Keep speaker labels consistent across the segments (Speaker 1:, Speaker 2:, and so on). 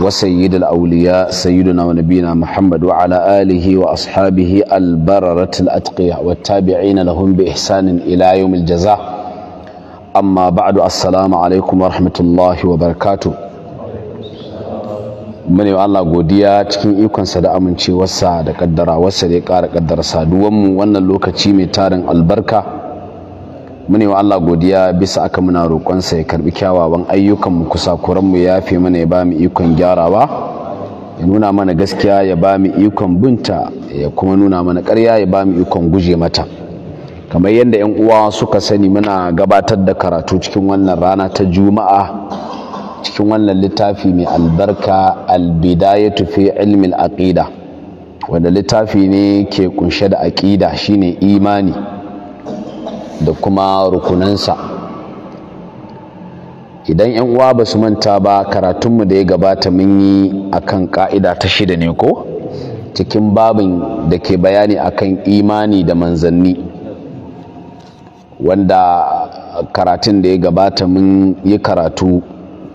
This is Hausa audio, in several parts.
Speaker 1: وسيد الأولياء سيدنا ونبينا محمد وعلى آله وأصحابه البررة الأتقياء والتابعين لهم بإحسان إلى يوم الجزاء أما بعد السلام عليكم ورحمة الله وبركاته من الله godiya cikin ikonsa da amincewarsa da kaddara wasa da ya ƙara kaddara saduwanmu wannan lokaci mai tarin albarka mune wa Allah godiya bisa aka muna roƙonsa ya karbi kyawawan ayyukanmu kusakuranmu ya yafe mana ya ba mu ikon gyarawa ya nuna mana gaskiya ya ba mu ikon binta ya kuma nuna mana ƙarya ya ba mu ikon guje mata kamar yadda 'yan uwa suka sani muna gabatar da karatu cikin wannan rana ta juma'a cikin wannan littafi mai albarka albidayatu fi ilmin aqida wanda littafi ne ke kunshe da aqida shine imani da kuma rukunansa idan yan uwa ba su manta ba karatunmu da ya gabata mun yi akan ka'ida ta shida ne ko cikin babin da ke bayani akan imani da manzanni wanda karatun da ya gabata mun yi karatu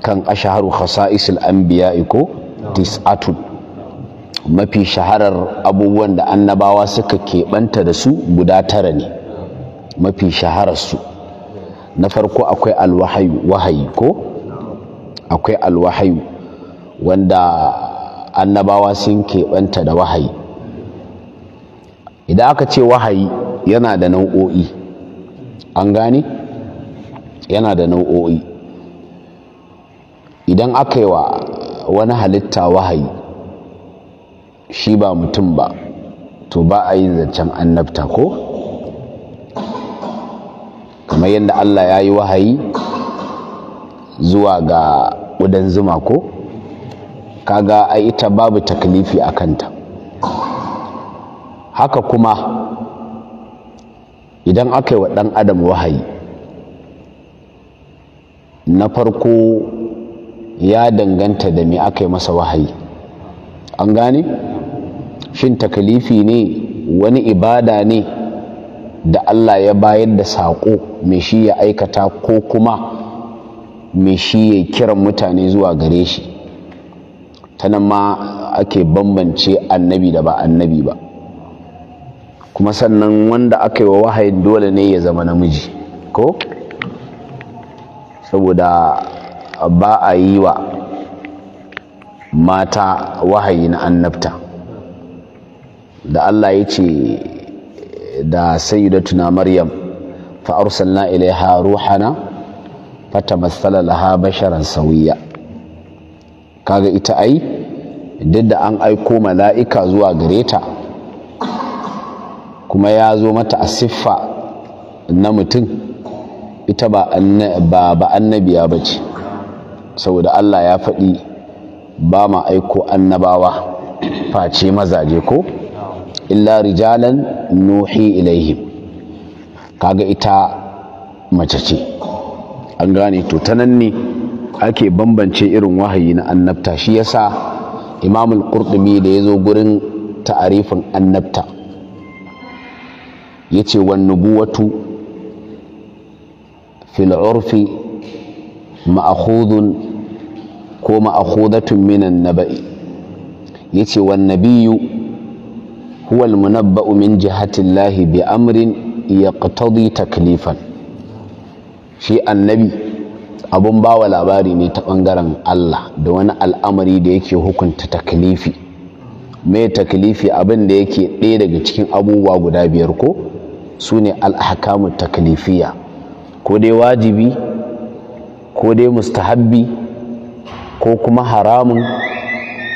Speaker 1: kan ashaharu khasa'isul anbiya ko tis'atun mafi shaharar abubuwan da annabawa suka keɓanta da su guda tara ne mafi shahararsu na farko akwai alwahayu wahayi ko akwai alwahayu wanda annabawa sun keɓanta da wahayi idan aka ce wahayi yana da nau'o'i an gane yana da nau'o'i idan aka yi wa wani halitta wahayi shi ba mutum ba to ba a yin zancen annabta ko kamar yadda Allah ya yi wahayi zuwa ga ƙudan zuma ko kaga a ita babu takalifi a kanta haka kuma idan aka yi wa ɗan adam wahayi na farko ya danganta da me aka yi masa wahayi an gane shin takalifi ne wani ibada ne da Allah ya bayar da saƙo mai shi ya aikata ko kuma mai shi ya kiran mutane zuwa gare shi ta nan ma ake bambance annabi da ba annabi ba kuma sannan wanda aka yi wa wahayin dole ne ya zama namiji ko saboda ba a yi wa mata wahayi na annabta da Allah ya ce da sayyidatuna maryam fa arsalna ilaiha ruhana tamassala laha basharan sawiya kaga ita ai duk da an aiko mala'ika zuwa gare ta kuma ya zo mata a siffa na mutum ita ba annabiya ba ce saboda Allah ya faɗi ba ma aiko annabawa face mazaje ko illa rijalan nuhi ilaihim kaga ita mace ce an gane to ta nan ne ake bambance irin wahayi na annabta shi yasa imamul qurtubi da yazo gurin ta'arifin annabta yace wan nubuwatu fil urfi ma'khudun ko ma'khudatun minan naba'i yace wan nabiyyu هو المنبأ min جهة الله bi amrin تكليفا taklifan shi annabi abun bawa labari ne ta ɓangaren Allah da wani al'amari da yake hukunta taklifi mai taklifi abin da yake ɗaya daga cikin abubuwa guda biyar ko su ne al'ahkamu taklifiya ko dai wajibi ko dai mustahabbi ko kuma haramun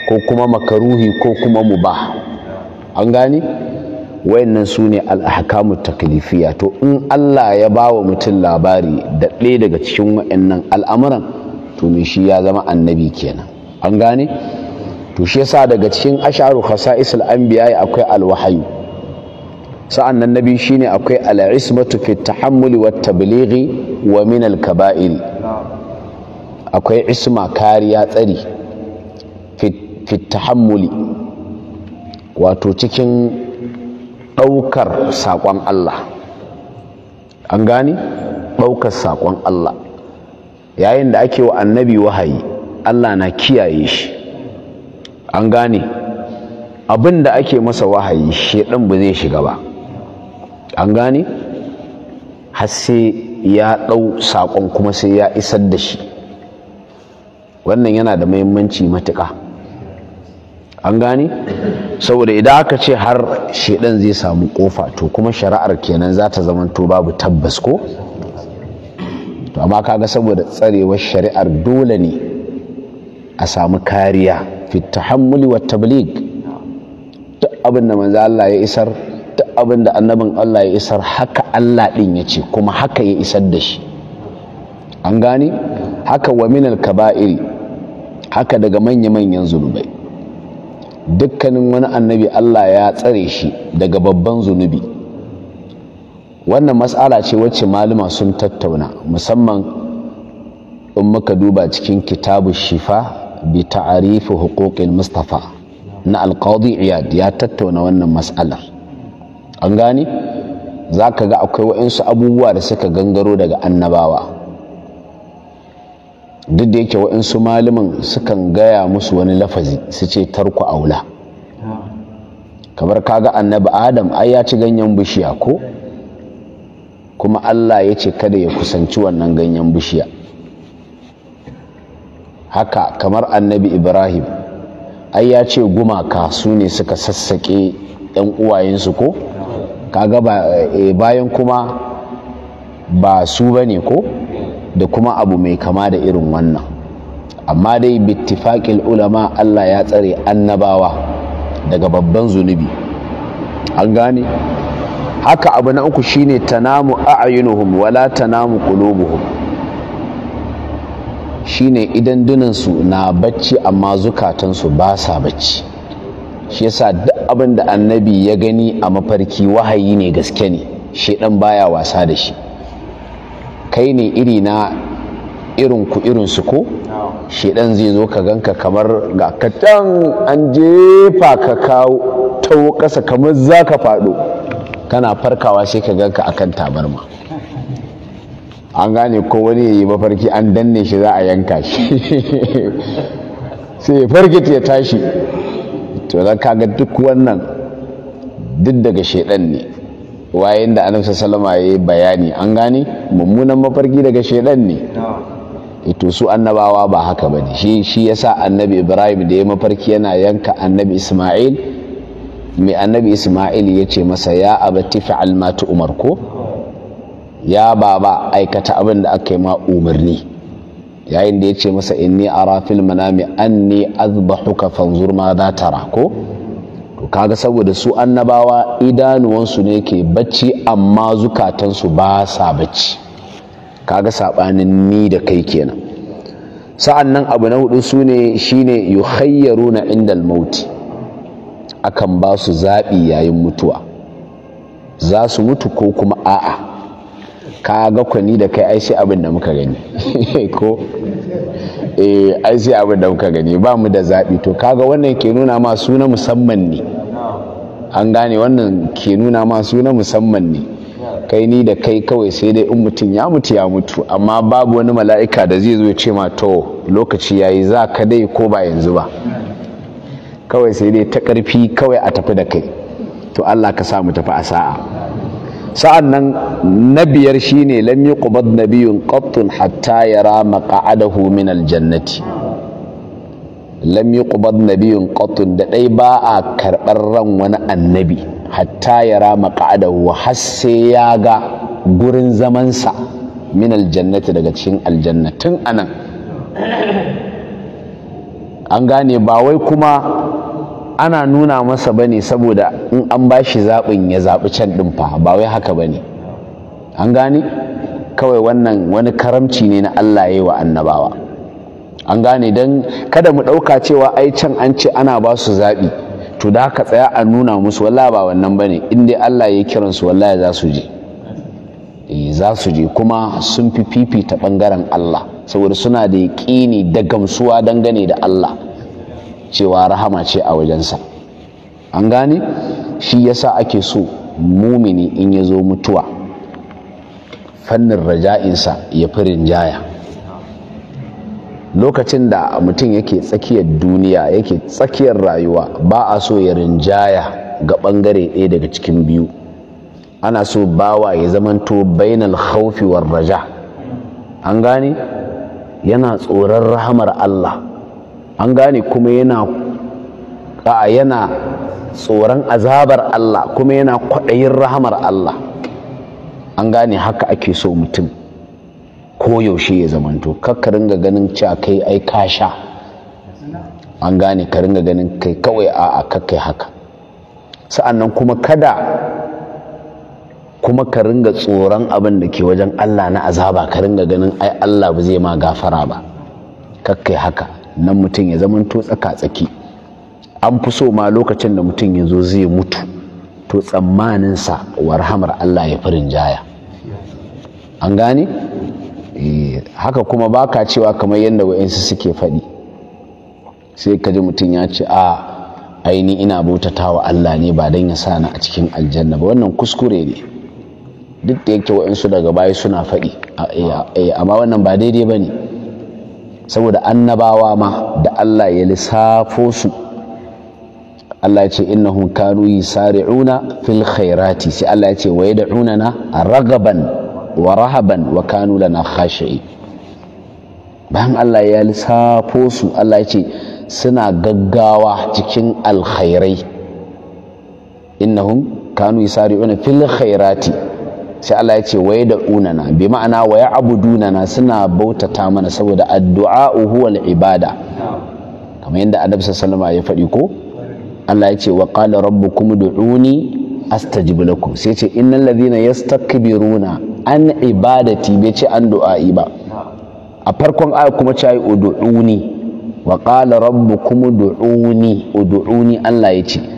Speaker 1: ko kuma makaruhi ko kuma mubah an gane wayannan su ne al'ahakamu taklifiya to in Allah ya ba wa mutum labari da ɗaya daga cikin wayannan al'amuran to me shi ya zama annabi kenan an gane to shi yasa daga cikin asharu khasa'isul anbiya akwai alwahayu sa'an nan nabi shine akwai al'ismatu fi tahammuli wa tablighi wa min al akwai isma kariya tsari fi tahammuli wato cikin ɗaukar saƙon Allah an gani ɗaukar saƙon Allah yayin da ake wa annabi wahayi Allah na kiyaye shi an gane abin da ake masa wahayi ɗan ba zai shiga ba an gane har sai ya ɗau saƙon kuma sai ya isar da shi wannan yana da mahimmanci matuƙa an gane saboda idan aka ce har shedan zai samu ƙofa, to kuma shari'ar kenan za ta zama to babu tabbas ko to amma kaga saboda tsarewar shari'ar dole ne a samu kariya fi hamuli wa tabligh duk abin da Allah ya isar duk abin da annabin Allah ya isar haka Allah din ya ce kuma haka ya isar da shi an gane haka wa minal kaba'iri haka daga manya-manyan zunubai dukkanin wani annabi Allah ya tsare shi daga babban zunubi wannan mas'ala ce wacce maluma sun tattauna musamman in muka duba cikin kitabu shifa bi ta'arifu huquqil mustafa na alqadi iyad ya tattauna wannan mas'alar an gane zaka ga akwai waɗansu abubuwa da suka gangaro daga annabawa duk da yake waɗansu malamin sukan gaya musu wani lafazi su ce tarku aula kamar kaga annabi adam ai ya ci ganyen bishiya ko kuma allah ya ce kada ya kusanci wannan ganyen bishiya haka kamar annabi ibrahim ai ya ce gumaka su ne suka sassaƙe 'yan uwayensu ko kaga eh, bayan kuma ba su bane ko da kuma abu mai kama da irin wannan amma dai bittifaƙil ulama Allah ya tsare annabawa daga babban zunubi an gane haka abu na uku shine tanamu a'yunuhum wala tanamu qulubuhum shine idan dunan su na bacci amma zukatansu ba sa bacci shi yasa duk abin da annabi ya gani a mafarki wahayi ne gaske ne shi dan baya wasa da shi kai ne iri na irin ku irin su ko shedan zai zo ka ganka kamar ga an jefa ka kawo tawo kasa kamar za ka faɗo kana farkawa sai ka ganka akan tabarma an gane ko wani ya yi mafarki an danne shi za a yanka shi sai ya farki ya tashi to zan ga duk wannan duk daga shedan ne waye da annabi sallama ya yi bayani an gane mummunan mafarki daga shaidan ne ito eh, su annabawa ba haka ba ne shi shi yasa annabi ibrahim da ya mafarki yana yanka annabi isma'il mai annabi isma'il ya ce masa ya abati fa'al ma umar ko ya baba aikata abin da aka yi ma umarni yayin da ya ce masa inni ara fil manami anni azbahuka fanzur ma za tara ko kaga saboda su annabawa idanuwansu ne ke bacci amma zukatansu ba sa bacci kaga sabanin ni da kai kenan sa'an nan abu na hudu su ne shi ne shine na indal mauti akan ba su zaɓi yayin mutuwa za su mutu ko kuma a'a ka ga kwani da kai ai sai abin da muka gani ko eh ai sai abin da muka gani ba mu da zaɓi to ka ga wannan ke nuna ma su musamman ne an gane wannan ke nuna ma su musamman ne kai ni da kai kawai sai dai in mutum ya mutu ya mutu amma babu wani mala'ika da zai zo ce ma to lokaci yayi za ka dai ko ba yanzu ba kawai sai dai ta ƙarfi kawai a tafi da kai to Allah ka sa mu tafi a sa'a sa'an nan na biyar shine lam na biyun qattun hatta yara maq'adahu min aljannati lam na biyun qattun da ɗai ba a karɓar ran wani annabi hatta yara maq'adahu har sai ya ga gurin zamansa min aljannati daga cikin aljannatin anan an gane ba wai kuma ana nuna masa bane saboda in an ba shi zaɓin ya zaɓi can ɗin fa ba wai haka ba ne? an gane kawai wannan wani karamci ne na Allah ya yi wa annabawa an gane don kada mu ɗauka cewa ai can an ce ana ba su zaɓi to da haka tsaya a nuna musu walla ba wannan ba ne in dai Allah ya kiran su wallahi za su je eh, za su je kuma sun fi fifita ɓangaren Allah saboda suna da yaƙini da gamsuwa dangane da Allah cewa rahama ce a wajensa an gane shi yasa ake so mumini in ya zo mutuwa fannin raja'insa ya fi rinjaya lokacin da mutum yake tsakiyar duniya yake tsakiyar rayuwa ba a so ya rinjaya ga ɓangare ɗaya daga cikin biyu ana so bawa ya zamanto bainal khaufi war raja an gane yana tsoron rahamar Allah an gane kuma yana a yana tsoron azabar Allah kuma yana kwaɗayin rahamar Allah an gane haka ake so mutum ko yaushe ya zamanto kakka ringa ganin cewa kai ai ka sha an gane ka ringa ganin kai kawai a a kakkai haka nan kuma kada kuma ka ringa tsoron abin da ke wajen Allah na azaba ka ringa ganin ai Allah ba zai ma gafara ba kakkai haka nan mutum ya zama zamanto tsaka-tsaki an fi so ma lokacin da mutum ya zo zai mutu to tsammaninsa warhamar Allah ya farin jaya an gane eh, haka kuma baka cewa kamar yadda wa'insu suke faɗi sai ka ji mutum ya ce a aini ina bautata wa Allah ne ba don ya sa a cikin aljanna ba wannan kuskure ne duk da yake wa'insu daga baya suna faɗi eh, eh, amma wannan ba daidai ba ne saboda annabawa ma da Allah ya lissafo su Allah ya ce innahum kanu yusari'una fil khairati sai Allah ya ce wa na ragaban wa rahaban wa kanu lana khashi'in bayan Allah ya lissafo su Allah ya ce suna gaggawa cikin alkhairai innahum kanu yusari'una fil khairati sai Allah ya ce waye da unana bi ma'ana waya abudunana suna bautata mana saboda addu'a huwal ibada kamar yadda annabi sallallahu ya faɗi ko Allah ya ce wa qala rabbukum du'uni astajib lakum sai ce innal ladhina yastakbiruna an ibadati bai ce an du'a'i ba a farkon aya kuma ce ai ud'uni wa qala rabbukum du'uni ud'uni Allah ya ce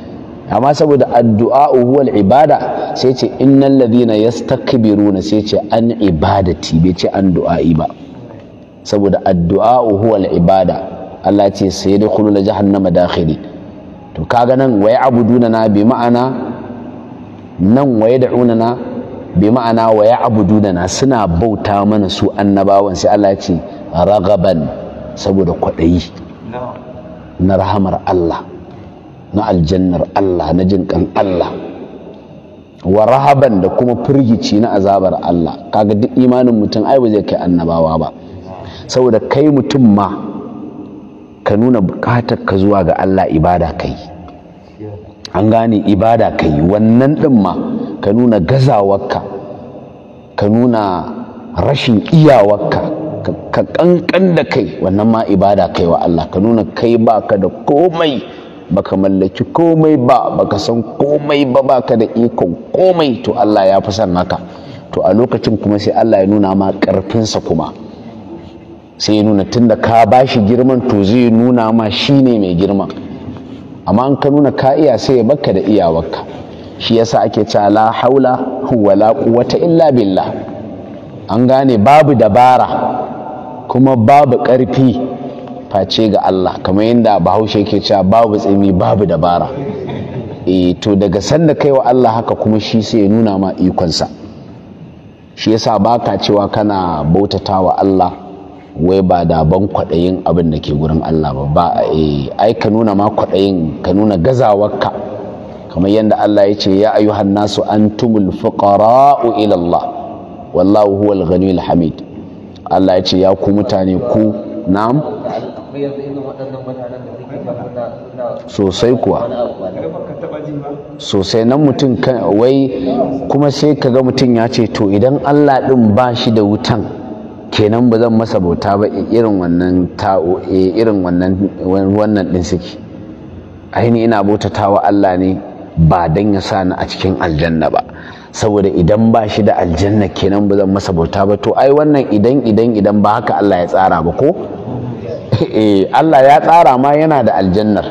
Speaker 1: amma saboda addu'a huwal ibada sai ce innal ladina yastakbiruna sai ce an ibadati bai ce an du'a'i ba saboda addu'a huwal ibada Allah ce sai da kullu la jahannama dakhili to kaga nan wa abuduna na bi ma'ana nan da yad'una na bi ma'ana wa abuduna na suna bauta mana su annabawan sai Allah ce ragaban saboda kwadayi na rahamar Allah na aljannar Allah na jin kan Allah wa rahaban da kuma firgici na azabar Allah kaga duk imanin mutum ai ba zai kai annabawa ba saboda kai mutum ma ka nuna bukatar ka zuwa ga Allah ibada kai an gane ibada kai wannan din ma ka nuna gazawarka ka nuna rashin iyawarka ka kankan da kai wannan ma ibada kai wa Allah ka nuna kai baka da komai baka mallaki komai ba baka san komai ba baka da ikon komai to Allah ya fi san haka. to a lokacin kuma sai Allah ya nuna ma ƙarfinsa kuma sai ya nuna tunda ka bashi girman to zai nuna ma shine mai girma. amma an ka nuna ka iya sai ya baka da iyawarka shi yasa ake cewa la haula la quwwata illa billah an gane babu dabara kuma babu ƙarfi face ga Allah kamar yadda bahaushe ke cewa babu tsimi babu dabara e to daga sanda kai wa Allah haka kuma shi sai ya nuna ma ikonsa shi yasa baka cewa kana bautata wa Allah wai ba da ban kwaɗayin abin da ke gurin Allah ba ba eh, ai ka nuna ma kwaɗayin ka nuna gazawarka kamar yadda Allah ya ce ya ayyuhan nasu antumul fuqara'u ila Allah wallahu huwal ghaniyul hamid Allah ya ce ya ku mutane ku na'am sosai kuwa sosai nan mutum wai kuma sai ka ga mutum ya ce to idan Allah ɗin ba shi da wutan kenan ba zan masa bauta ba irin wannan ta'o irin wannan wannan suke aini ina wa Allah ne ba dan ya sa ni a cikin aljanna ba saboda idan ba shi da aljanna kenan ba zan masa bauta ba to ai wannan idan idan idan ba haka Allah ya tsara ba ko eh Allah ya tsara ma yana da aljannar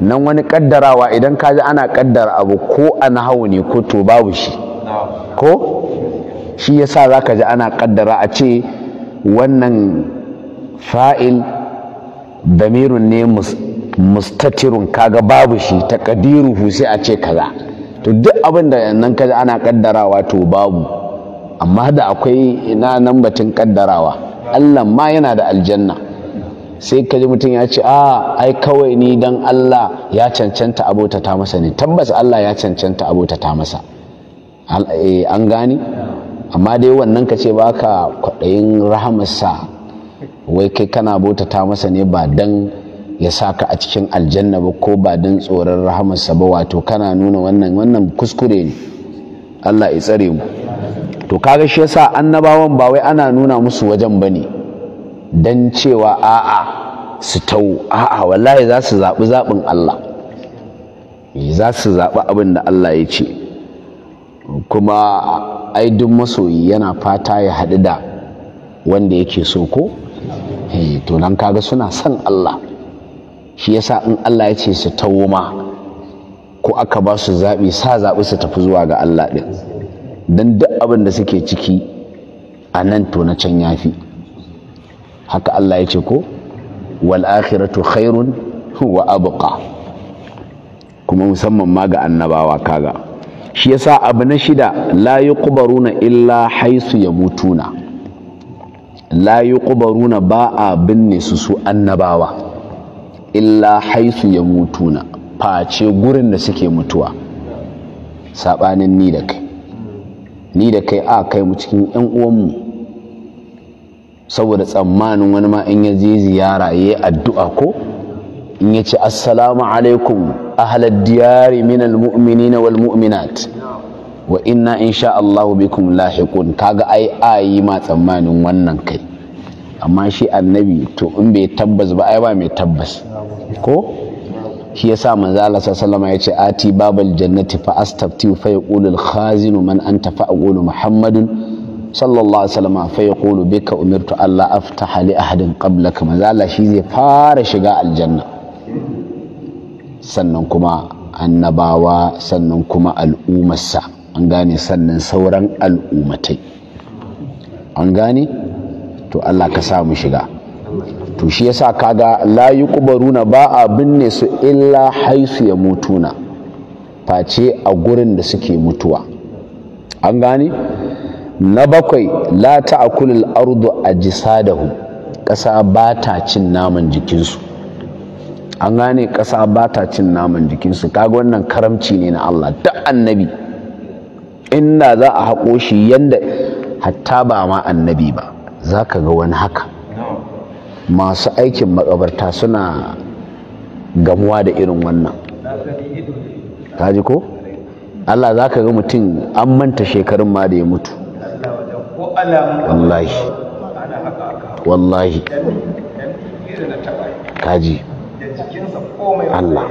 Speaker 1: nan wani kaddarawa idan kaji ana kaddara abu ko a nahawu ne ko to babu shi ko shi ya sa za ka ji ana kaddara a ce wannan fa'il damirun ne mustatirun kaga babu shi ta ƙadiru sai a ce kaza to duk abin da nan kaji ana kaddarawa to babu amma da akwai na nan batun kaddarawa Allah ma yana da aljanna sai ka ji mutum ya ce a ai kawai ni dan Allah ya cancanta abota ta masa ne tabbas Allah ya cancanta abota ta masa eh, an gani amma dai wannan ka ce baka kwaɗayin rahamarsa wai kai kana abota ta masa ne ba dan ya saka a cikin aljanna ba ko ba dan tsoron rahamarsa ba wato kana nuna wannan wannan kuskure ne Allah ya tsare mu to kaga shi yasa annabawan ba wai ana nuna musu wajen bane dan cewa a'a su tau a'a wallahi za su zaɓi zaɓin Allah za su zaɓi abin da Allah ya ce kuma ai duk masoyi yana fata ya haɗu da wanda yake so ko eh, to nan kaga suna son Allah shi yasa in Allah ya ce su tawo ma ko aka ba su zaɓi sa zaɓi su tafi zuwa ga Allah ɗin don duk abin da suke ciki a nan to na can yafi fi haka Allah ya ce ko wal akhiratu khairun wa abqa kuma musamman ma ga annabawa kaga shi yasa abu na shida la yuqbaruna illa haisu yamutuna la yuqbaruna ba a binne su su annabawa illa haisu yamutuna face gurin da suke mutuwa Saɓanin ni da kai ni da kai a kai mu cikin yan uwanmu saboda tsammanin wani ma in ya je ziyara ya addu'a ko in ya ce assalamu alaikum ahlad diyari min na wal mu'minat wa inna sha Allahu bikum lahiqun ga ai ayi ma tsammanin wannan kai amma shi annabi to in bai tabbas ba ai ba mai tabbas ko shi yasa manzo Allah sallallahu alaihi wasallam yace ati babal jannati fa fa yaqulu al khazinu man anta fa aqulu muhammadun sallallahu alaihi wasallam fa yaqulu bika umirtu Allah aftaha li ahadin qablaka manzo Allah shi zai fara shiga aljanna sannan kuma annabawa sannan kuma al'ummarsa an gane sannan sauran al'ummatai an gane to Allah ka sa mu shiga to shi yasa kaga la yuqbaruna ba a binne su illa haisu ya mutuna face a gurin da suke mutuwa an gane na bakwai la ta'kulul ardu a ajsadahu ƙasa ba ta cin naman jikinsu an gane ƙasa ba ta cin naman jikinsu kaga wannan karamci ne na Allah da annabi inda za a haƙo shi yanda hatta ba ma annabi ba za ka ga wani haka masu aikin makabarta suna gamuwa da irin wannan kaji ko Allah za ka ga mutum an manta shekarun ma da ya mutu wallahi wallahi kaji Allah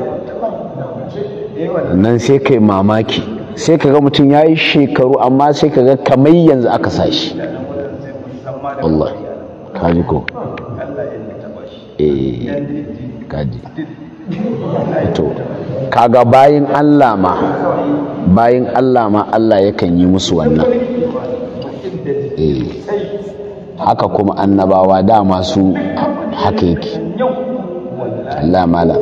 Speaker 1: eh, nan sai kai mamaki sai kaga mutum ya yi shekaru amma sai kaga kamar yanzu aka sa shi Allah kaji ko eh, eh, kaji to kaga bayin Allah ma bayin Allah ma Allah yakan yi musu wannan Eh, haka kuma annabawa dama su haka yake Allah mala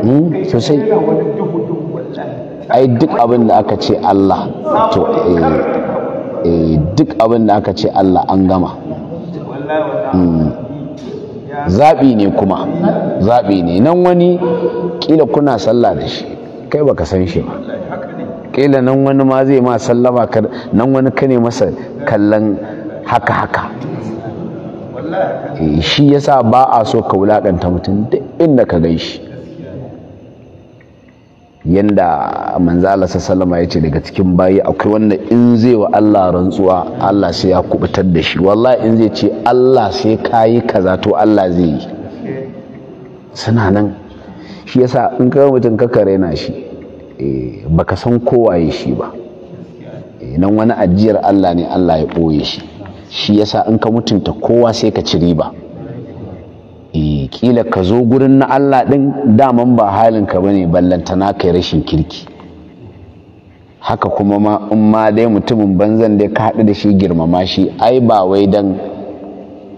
Speaker 1: hmm, sosai ai duk abin da aka ce Allah to eh, eh, duk abin da aka ce Allah an gama hmm. zaɓi ne kuma zaɓi ne nan wani ƙila kuna sallah da shi kai baka san shi ba kila nan wani ma zai ma sallama nan wani kane masa kallon haka haka eh, shi yasa ba a so ka wulaƙanta mutum duk inda ka gan shi yanda manzala sallama ya ce daga cikin bayi akwai wanda in zai wa Allah rantsuwa Allah sai ya kubutar da shi wallahi in zai ce Allah sai kayi kaza to Allah zai yi suna nan shi yasa in ka mutum ka kare na shi Eh, baka san kowaye shi ba eh, nan wani ajiyar Allah ne Allah ya ɓoye shi shi yasa in ka mutunta kowa sai ka ci riba kila eh, ka zo gurin na Allah ɗin daman ba halinka ba ne ballantana kai rashin kirki haka kuma ma in ma dai mutumin banzan dai ka haɗu da shi girmama shi ai ba wai dan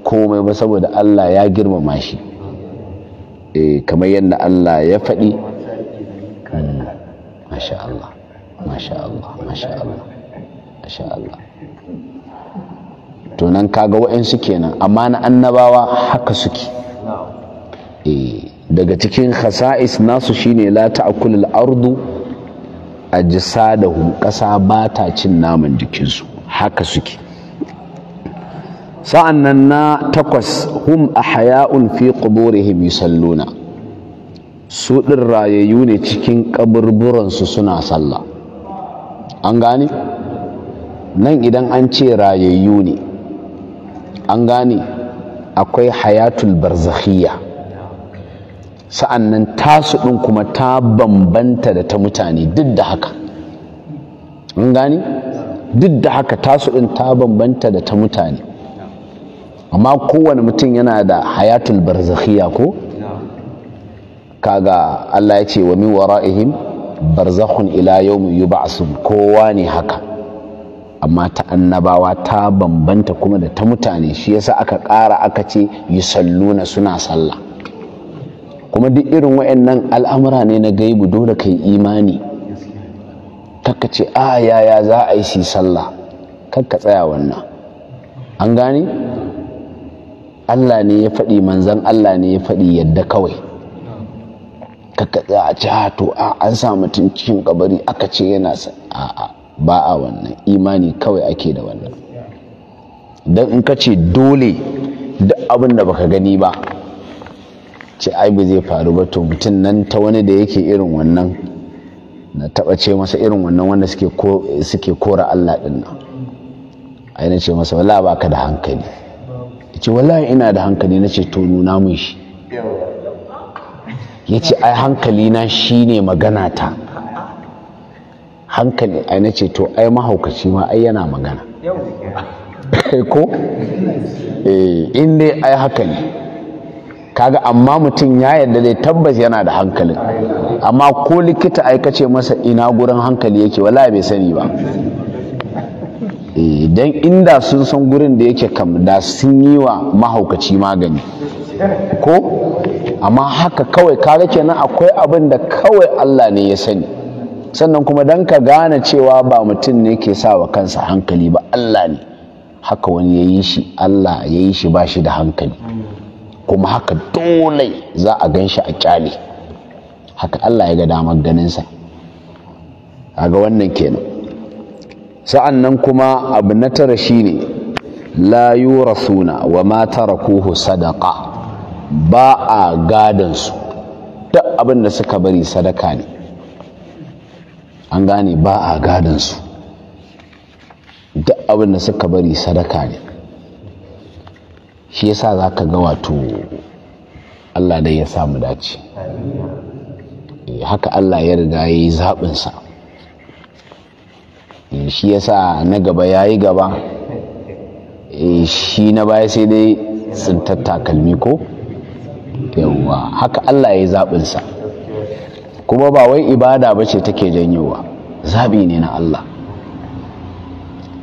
Speaker 1: komai ba saboda Allah ya girmama shi kamar yadda Allah ya faɗi hmm. masha Allah masha Allah masha Allah masha Allah to nan kaga wa'ansu kenan amma na annabawa haka suke eh daga cikin khasa'is nasu shine la ta'kulul ardu ajsadahum kasa ba ta cin naman jikinsu haka suke sa'annan na takwas hum ahya'un fi quburihim yusalluna su ɗin rayayyu ne cikin ƙaburburansu suna sallah an gane nan idan an ce rayayyu ne an gane akwai hayatul barzakhiyya sa'an nan tasu ɗin kuma ta bambanta da ta mutane duk da haka an gane duk da haka tasu ɗin ta bambanta da ta mutane amma kowane mutum yana da hayatul barzakhiyya ko kaga Allah ya ce wa min wara'ihim barzakhun ila yawm yub'asun kowa ne haka amma ta annabawa ta bambanta kuma da ta mutane shi yasa aka ƙara aka ce yusalluna suna sallah kuma duk irin waɗannan al'amura ne na gaibu dole kai imani kakka ce a yaya za a yi si sallah kakka tsaya wannan an gane Allah ne ya faɗi manzan Allah ne ya faɗi yadda kawai Ka tsaya a ci to a an sa mutum cikin kabari aka ce yana a'a ba a wannan imani kawai ake da wannan don in ka ce dole duk abin da baka gani ba ce ai ba zai faru ba to mutum nan ta wani da yake irin wannan na taba ce masa irin wannan wanda suke kora Allah din nan ai ce masa wala baka da hankali ce wallahi ina da hankali na ce to nuna mun shi ya ce ai hankalina shi ne magana ta hankali ai na ce to ai mahaukaci ma ai yana magana ko eh, in dai ai haka ne kaga amma mutum ya yarda dai tabbas yana da hankalin amma ko likita aikace masa ina gurin hankali yake wala bai sani ba eh, don inda sun san gurin da yake kam da sun yi wa mahaukaci magani ko amma haka kawai kaga kenan akwai abin da kawai Allah ne ya sani sannan kuma dan ka gane cewa ba mutum ne ke sa wa kansa hankali ba Allah ne haka wani ya yi shi Allah ya yi shi ba shi da hankali kuma haka dole za a gan shi a kyale haka Allah ya ga damar ganinsa a ga wannan kenan sa'an nan kuma abu na tara shine la yurasuna wa ma tarakuhu sadaka. ba a su duk abin da suka bari sadaka ne an gane ba a su duk abin da suka bari sadaka ne shi yasa za ka ga wato allah dai ya samu dace eh, haka allah ya riga ya yi zaɓinsa eh, shi yasa na gaba ya yi gaba eh, shi na baya sai dai tsintar takalmi ko yawwa haka Allah ya yi zaɓinsa kuma ba wai ibada ba ce take janyowa zaɓi ne na Allah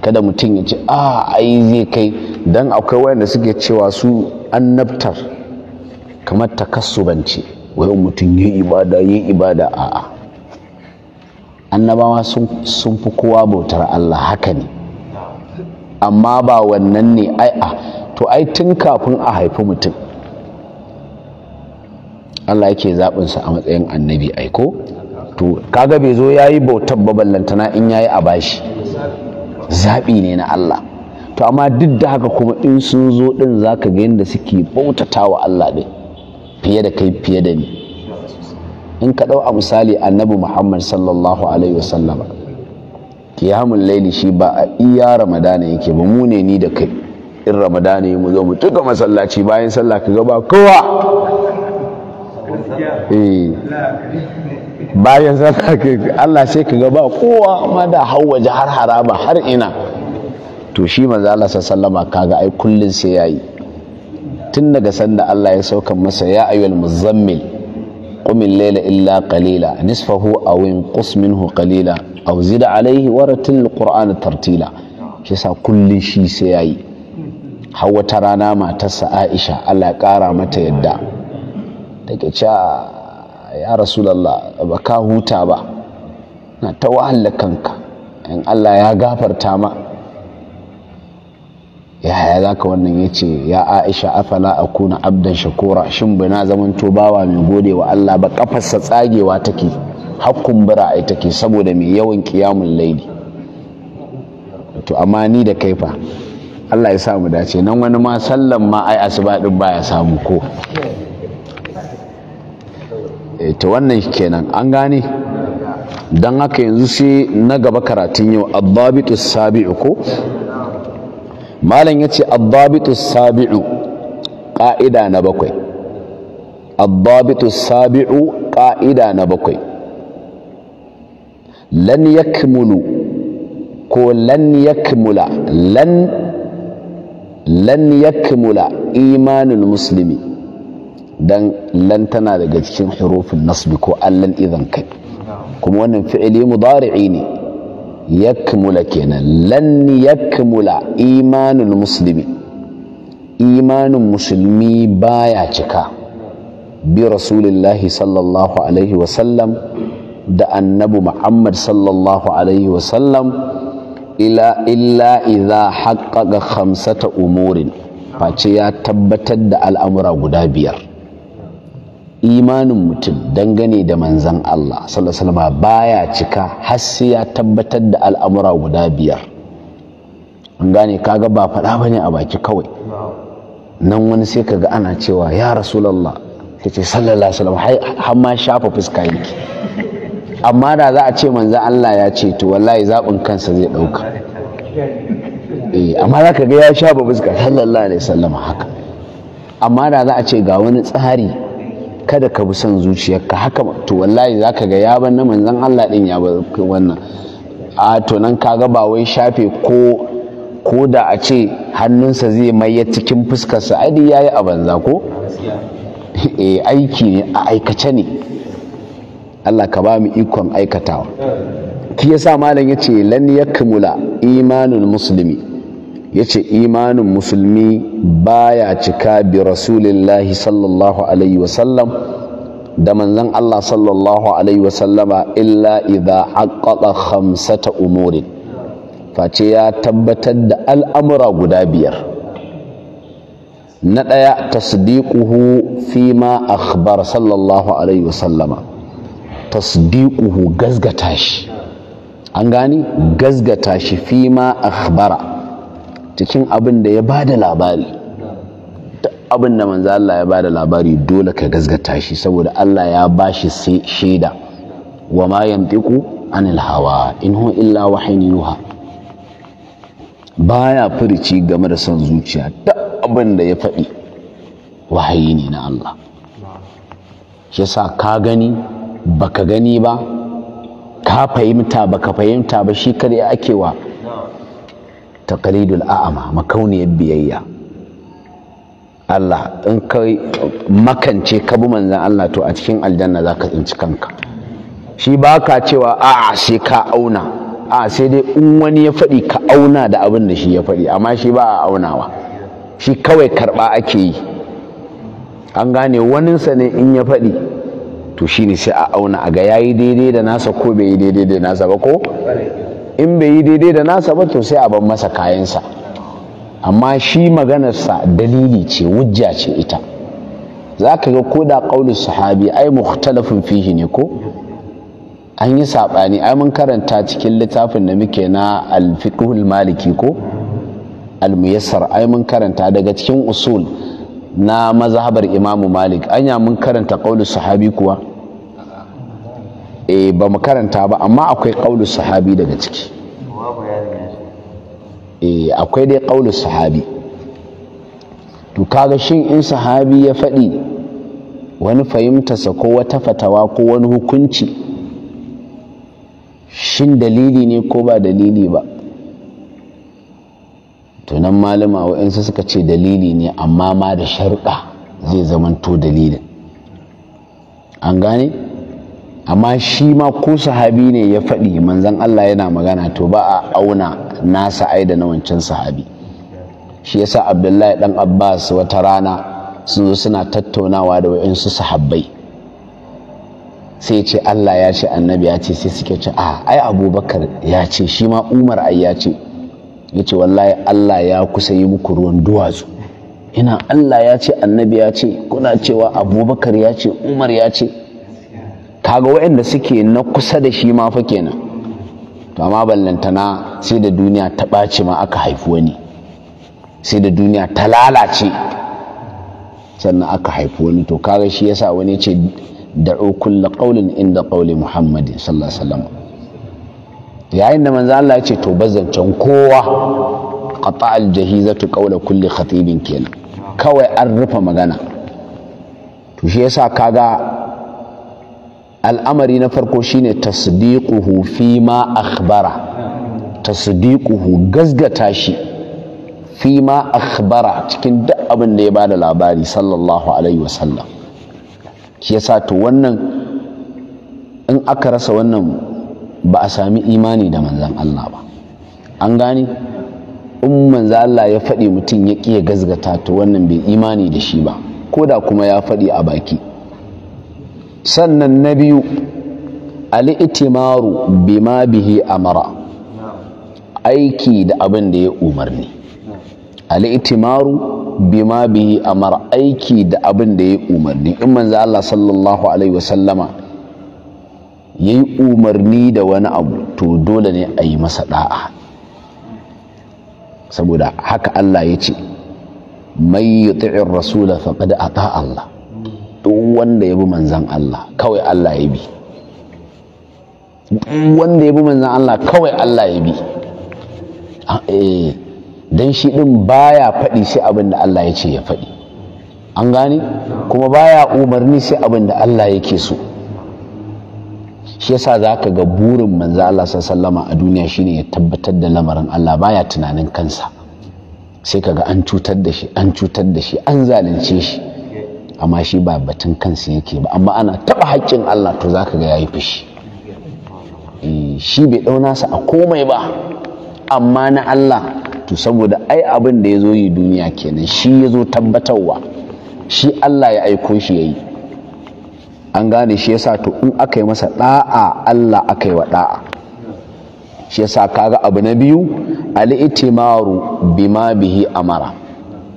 Speaker 1: kada mutum ya ce a ai zai kai don akwai waɗanda suke cewa su annabtar kamar takassubanci wai mutum yi ibada yi ibada a'a annabawa sun fi kowa bautar Allah haka ne amma ba wannan ne ai a to ai tun kafin a haifi mutum Allah yake zaɓinsa a matsayin annabi aiko to kaga bai zo yayi bautar baballantana in ya yi a bashi zaɓi ne na Allah to amma duk da haka kuma in sun zo din zaka ga yadda suke bautata wa Allah din fiye da kai fiye da ni in ka ɗau a misali annabi Muhammad sallallahu alaihi wasallam qiyamul laili shi ba a iya ramadana yake ba mu ne ni da kai in ramadana mu zo mu tuka masallaci bayan sallah ka ga ba kowa Eh. bayan zana Allah sai ka ga ba kowa ma da waje har haraba har ina to shi manzo Allah sallama kaga ai kullum sai yayi tun daga sanda Allah ya sauka masa ya ayyul muzammil qum al illa kalila nisfahu aw inqus minhu qalila aw zid alayhi waratil qur'ana tartila shi yasa kullum shi sai yayi har wata rana matarsa Aisha Allah ya kara mata yadda take cewa ah, ya rasulallah ba ka huta ba na ta wahala kanka in allah ya gafarta ma yaya za ka wannan yace ya aisha afala a kuna abdan shakura shin bana zamanto bawa mai gode wa allah ba kafarsa tsagewa take hakkun bira ai take saboda mai yawan kiyamun laili to amma ni da kaifa allah ya samu dace nan wani ma sallan ma ai asuba din baya samu ko Eh, ta wannan kenan an gane don haka yanzu sai na gaba karatun yau abbabitu sabi'u ko malam ya ce abbabitu sabi'u ƙa'ida na bakwai abbabitu sabi'u ƙa'ida na bakwai lan kimulu ko lan kimula, lan lan kimula imanin musulmi dan lan tana daga cikin hurufin nasbi ko allan idan kai kuma wannan fi'ili mudari'i ne yakmula kenan lan yakmula imanul muslimi imanin musulmi baya cika bi rasulillahi sallallahu alaihi wasallam da annabi muhammad sallallahu alaihi wasallam ila illa idha haqqaqa khamsata umurin face ya tabbatar da al'amura guda biyar imanin mutum dangane da manzan Allah sallama baya cika har sai ya tabbatar da al'amura guda biyar an gane kaga ba faɗa ba ne a baki kawai nan wani sai kaga ana cewa ya rasulallah Ka ce sallallahu alaihi har ma shafa fuska yake amma da za a ce manzan Allah ya ce to wallahi zaɓin kansa zai ɗauka eh, amma za ka ga ya shafa fuska sallallahu alaihi wasallam haka amma da za a ce ga wani tsari kada ka bi son zuciyarka haka to wallahi za ka ga ya na manzon Allah din ya bar wannan a to nan ga ba wai shafe ko ko da a ce hannunsa zai maye cikin fuskarsa ai ya yi a banza ko e aiki ne a aikace ne Allah ka ba mu ikon aikatawa ki yasa malam yace lan yakmula imanul muslimi Ya ce imanin musulmi baya cika bi rasulillahi sallallahu alaihi wasallam da manzan Allah sallallahu alaihi wasallama illa idza haqqaqa hamsata umurin face ya tabbatar da al'amura guda biyar na ɗaya tasdiquhu fi ma akhbar sallallahu alaihi wasallama tasdiquhu gazgata shi an gani gazgata shi fi ma akhbara cikin abin da ya ba da labari abin da manzo Allah ya ba da labari dole ka gazgata shi saboda Allah ya ba shi shaida wa ma yamtiku anil hawa in huwa illa wahyin yuha baya furici game da son zuciya duk abin da ya faɗi wahayi ne na Allah shi yasa ka gani baka gani ba ka fahimta baka fahimta ba shi kare ake wa taqalidul a'ama makauniyar biyayya Allah in kai makance ka bi manzon Allah to a cikin aljanna za zaka tsinci kanka shi baka cewa a'a sai ka auna a sai dai in wani ya faɗi ka auna da abin da shi ya faɗi amma shi ba a aunawa shi kawai karɓa ake yi an gane waninsa ne in ya faɗi to shi ne sai a auna a ga ya yi daidai da nasa ko bai yi daidai da nasa ba ko in bai yi daidai da nasa ba to sai a ban masa kayansa amma shi maganarsa dalili ce wujja ce ita za ka ga ko da ƙaunin sahabi ai mukhtalafin fihi ne ko an yi saɓani ai mun karanta cikin littafin da muke na alfiqhul maliki ko almuyassar ai mun karanta daga cikin usul na mazhabar imamu malik anya mun karanta ƙaunin sahabi kuwa eh ba mu karanta ba amma akwai ƙaunar sahabi daga ciki eh akwai dai ƙaunar sahabi to kaga shin in sahabi ya faɗi wani fahimtarsa ko wata fatawa ko wani hukunci shin dalili ne ko ba dalili ba tunan malama waɗansu suka ce dalili ne amma ma da sharuɗa zai zamanto dalilin an gane? amma shi ma ko sahabi ne ya faɗi manzan Allah yana magana to ba a auna nasa ai da na wancan sahabi shi yasa abdullahi dan abbas wata rana sun zo suna tattaunawa da wa'insu sahabbai sai ce Allah ya ce annabi ya ce sai suke ce a ai abubakar ya ce shi ma umar ai ya ce ya ce wallahi Allah ya kusa yi muku ruwan duwatsu ina Allah ya ce annabi ya ce kuna cewa abubakar ya ce umar ya ce kaga waɗanda suke na kusa da shi ma fa kenan to amma ballantana sai da duniya ta ɓaci ma aka haifi wani sai da duniya ta lalace sannan aka haifi wani to kaga shi yasa wani ce da'u kulla ƙaunin inda qauli muhammadin sallallahu yayin da manzo Allah ce to bazancan kowa qata al jahizatu qaula kulli khatibin kenan kawai an rufe magana to shi yasa kaga al'amari na farko shine tasdiquhu fi ma akhbara tasdiquhu gazgata shi fi ma akhbara cikin duk abin da ya bada labari sallallahu alaihi wasallam shi yasa to wannan in aka rasa wannan ba a sami imani da manzon Allah ba an gane in manzo Allah ya faɗi mutum ya ƙi ya gazgata to wannan bai imani da shi ba ko da kuma ya faɗi a baki sannan na biyu al'itimaru bima bihi amara aiki da abin da ya umarni al'itimaru bima bihi amara aiki da abin da ya umarni in manzo Allah sallallahu alaihi wasallama yayi umarni da wani abu to dole ne a yi masa ɗa'a saboda haka Allah ya ce mai da rasula a ata Allah duk wanda ya bi manzan Allah kawai Allah ya bi duk wanda ya bi manzan Allah kawai Allah ya bi eh, don shi din baya faɗi sai abin da Allah ya ce ya faɗi an gane kuma baya umarni sai abin da Allah yake so shi yasa za ka ga burin manzo Allah sallama a duniya shine ya tabbatar da lamarin Allah baya tunanin kansa sai ga an cutar da shi an cutar da shi an zalunce shi amma shi ba batun kansa yake ba amma ana taɓa haƙƙin Allah to za ka ga ya yi fushi eh, shi bai ɗauna a komai ba amma na Allah to saboda ai abin da ya zo yi duniya kenan shi ya zo tabbatarwa shi Allah ya aiko shi ya yi an gane shi yasa to in aka yi masa ɗa'a Allah aka yi wa ɗa'a shi yasa kaga abu na biyu al'itimaru bima bihi amara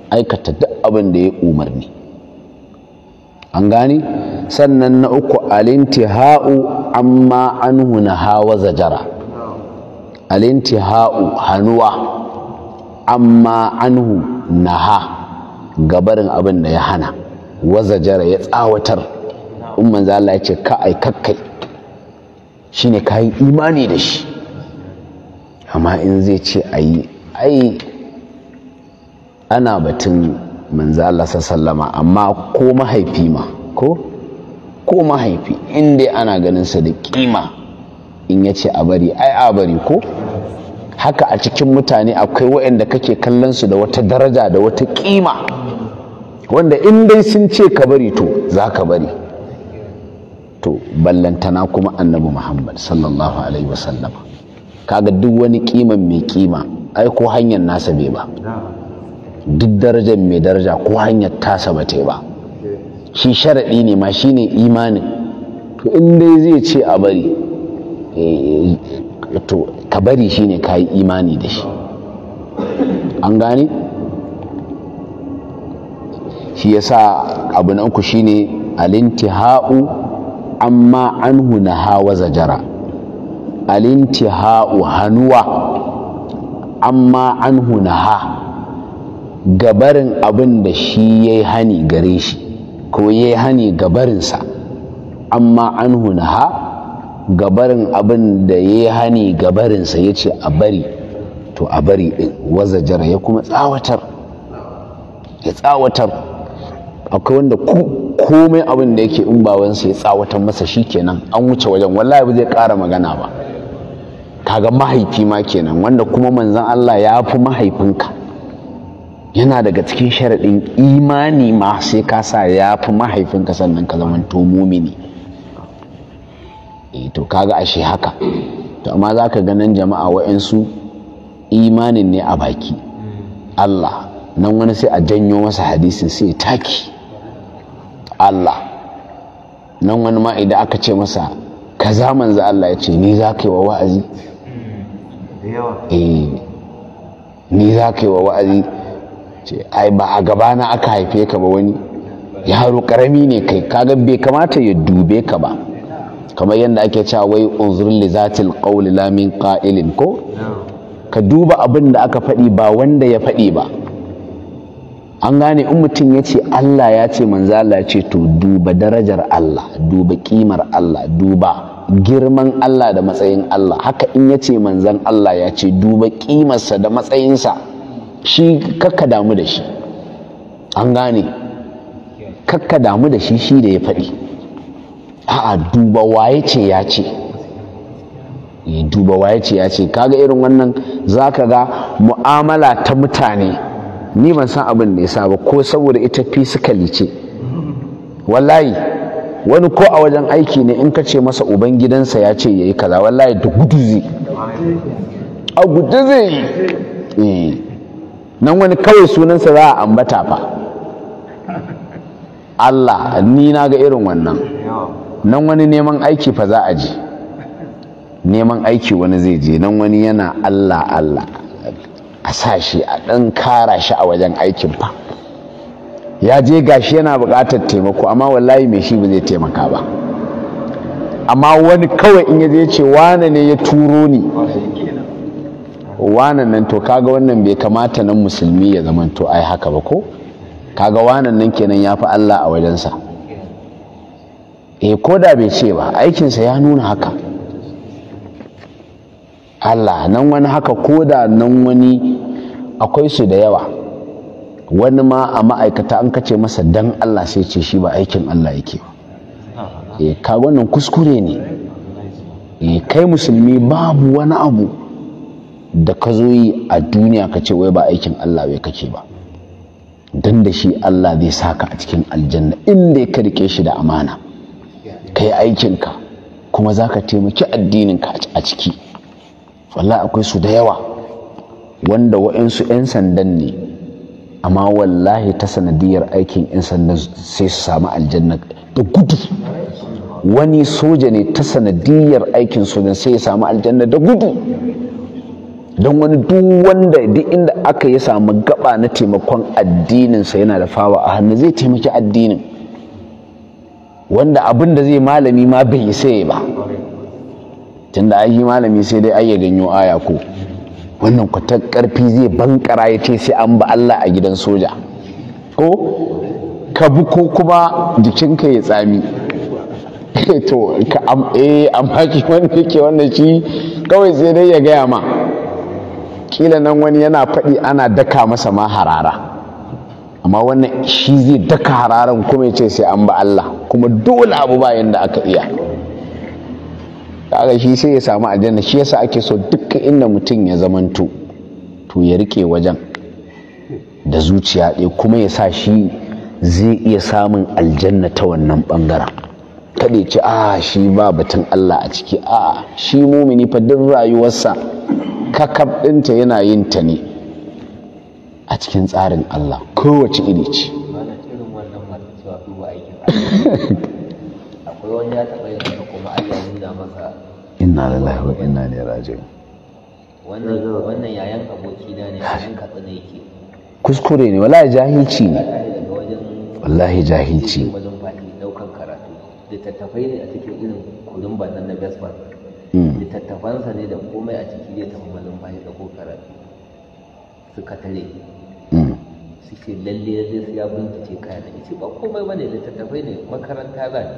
Speaker 1: aikata duk abin da ya umarni an gani sannan na uku alinti ha'u amma anhu na hawa zajara ha'u hannuwa amma anhu ha gabarin abin da ya hana wazajara ya tsawatar in manzo Allah ya ce ka ai kakkai ka yi imani da shi amma in zai ce ayi ana batun manzo Allah sallama amma ko mahaifi ma ko ko mahaifi in dai ana ganin sa da kima in yace a bari ai a bari ko haka a cikin mutane akwai waɗanda kake kallon su da wata daraja da wata kima wanda in dai sun ce ka bari to za ka bari to ballantana kuma annabi muhammad sallallahu alaihi wasallam kaga duk wani kiman mai kima ai ko hanyar nasa bai ba duk darajar mai daraja ko hanyar tasa ba ba shi sharaɗi ne ma shi ne imanin to in dai zai ce a bari eh, to ka bari shi ne ka yi imani da shi an gane shi yasa abu na uku shine alintiha'u amma anhu huna hawa zajara ha'u hannuwa amma an huna ha gabarin abin da shi ya yi hani gare shi ko ya yi hani gabarinsa amma an ha gabarin abin da ya yi hani gabarinsa ya ce a bari to a bari ɗin jara ya kuma tsawatar ya tsawatar akwai wanda komai abin da yake in bawansa ya tsawatar masa shi kenan an wuce wajen wallahi ba zai kara magana ba kaga mahaifi ma kenan wanda kuma manzan Allah ya fi mahaifinka yana daga cikin sharaɗin imani ma sai ka sa ya fi mahaifinka sannan ka tomomi ne e eh, to kaga ashe haka to amma za ka ganin jama'a wa'yansu imanin ne a baki Allah nan wani sai a janyo masa hadisin sai taki Allah nan wani ma idan aka ce masa ka za Allah ya ce ni za ka yi wa wa'azi eh, ni za ka yi wa wa'azi ce ai ba a gabana aka haife ka ba wani yaro karami ne kai kaga bai kamata ya dube ka ba kamar yadda ake cewa wai unzurin lizatil qawli la min qa'ilin ko ka duba abin da aka faɗi ba wanda ya faɗi ba an gane in mutum ya ce Allah ya ce manzo Allah ce to duba darajar Allah duba kimar Allah duba girman Allah da matsayin Allah haka in ya ce manzon Allah ya ce duba kimarsa da matsayinsa shi kakka damu da shi an gane kakka damu da shi shi da ya faɗi a duba waye ce ya ce eh, duba waye ce ya ce kaga irin wannan zaka ga mu'amala ta mutane ni ban san abin da ya ba ko saboda ita fisikali ce wallahi wani ko a wajen aiki ne in ka ce masa uban gidansa ya ce yayi kaza wallahi da gudu zai a gudu zai yi eh. nan wani kawai sunansa za a ambata fa Allah ni na ga irin wannan nan wani neman aiki fa za a ji neman aiki wani zai je nan wani yana Allah Allah a sa shi a ɗan kara shi a wajen aikin fa ya je gashi yana buƙatar taimako amma wallahi mai shi ba zai taimaka ba amma wani kawai in ya je ce wane ne ya turo ni wanan nan to kaga wannan bai kamata nan musulmi ya zama to ai haka ba ko kaga wanan nan kenan ya fi Allah a wajensa eh ko da bai ce ba aikinsa ya nuna haka Allah nan wani haka ko da nan wani akwai su da yawa wani ma a ma'aikata an kace masa dan Allah sai ce shi ba aikin Allah yake ba eh kaga wannan kuskure ne eh kai musulmi babu wani abu da ka zo yi a duniya ka ce wai ba aikin Allah wai kake ba dan da shi Allah zai saka a cikin aljanna inda ka rike shi da amana ka yi aikinka kuma za ka taimaki addininka a ciki wallahi akwai su da yawa wanda wa'insu 'yan sandan ne amma wallahi ta sanadiyar aikin 'yan sandan sai su samu aljanna da gudu wani soja ne ta sanadiyar aikin sojan sai ya samu aljanna da gudu don wani duk wanda duk inda aka yi samu gaba na taimakon addininsa yana da fawa a hannu zai taimaki addinin wanda abin da zai malami ma bai sai ba tunda an yi malami sai dai ya ganyo aya ko wannan kwatar karfi zai bankara ya ce sai an ba Allah a gidan soja ko ka bi ko kuma jikinka ya tsami to ka am eh amma ki wanda yake wannan shi kawai sai dai ya gaya ma kila nan wani yana faɗi ana daka masa ma harara amma wannan shi zai daka hararan kuma ya ce sai an ba Allah kuma dole abu ba yanda aka iya kaga shi sai ya samu aljanna shi yasa ake so duk inda mutum ya zamanto to ya rike wajen da zuciya ɗaya kuma ya sa shi zai iya samun aljanna ta wannan ɓangaren kada ya ce a ah, shi ba batun Allah a ciki a ah, shi mumini fa duk rayuwarsa kakab ɗinta yana yin ta ne a cikin tsarin Allah kowace iri ce inna lillahi wa inna ilaihi raji'un wannan yayan aboki na ne an katsa ne yake kuskure ne wallahi jahilci ne wallahi jahilci ne littattafai ne a cikin irin kurin nan na vespa hmm. littattafansa ne da komai a ciki zai tafi mazan bayan da ko karatu suka tare hmm. suke lalle ya zai su ya bincike kayan da ce ba komai ba ne littattafai ne makaranta za ne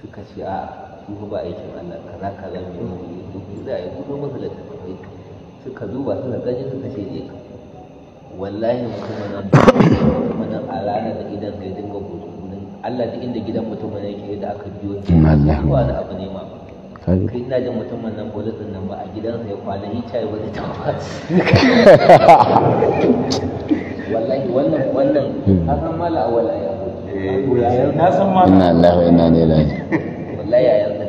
Speaker 1: suka ce a su ba aikin Allah ka zama yau ne duk za a yi gudu masa littattafai suka duba suka gaji suka ce ne eh, wallahi kuma nan a ranar da idan zai dinga gudu Allah duk inda gidan mutum ne yake da aka biyo Allah ba abu ne ma kai ina jin mutum nan bolis din nan ba a gidan sa ya kwana yi ya wani tabbas wallahi wannan wannan hmm. an san mala awal a na eh, san mala inna Allah wa inna ilaihi raji wallahi ya yanzu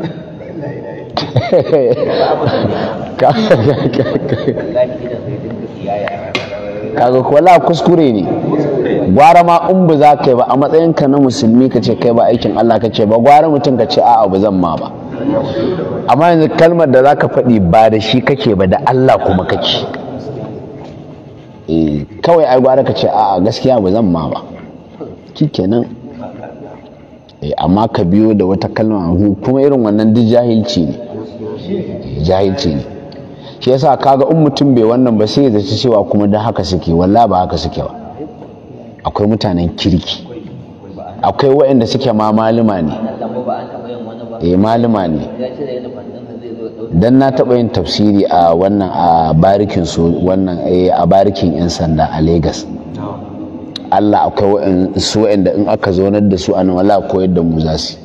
Speaker 1: ka ga kuwa ka kuskure ne gwara ma in ba za ka yi ba a matsayinka na musulmi ka ce kai ba aikin Allah ka ce ba gwara mutum ka ce a'a ba zan ma ba amma yanzu kalmar da za ka faɗi ba da shi kake ba da Allah kuma kake eh, kawai ai gwara ka ce a'a gaskiya ba zan ma ba kikenan eh, amma ka biyo da wata kalma kuma irin wannan duk jahilci ne eh, jahilci ne shi yasa kaga in mutum bai wannan ba sai ya zaci cewa kuma da haka suke walla ba haka suke ba akwai mutanen kirki akwai waɗanda suke ma malama ne eh malama ne dan na taɓa yin tafsiri a wannan a barikin su wannan eh, a barikin yan sanda a Legas Allah akwai su waɗanda in aka zaunar da su a nan wala koyar da mu za su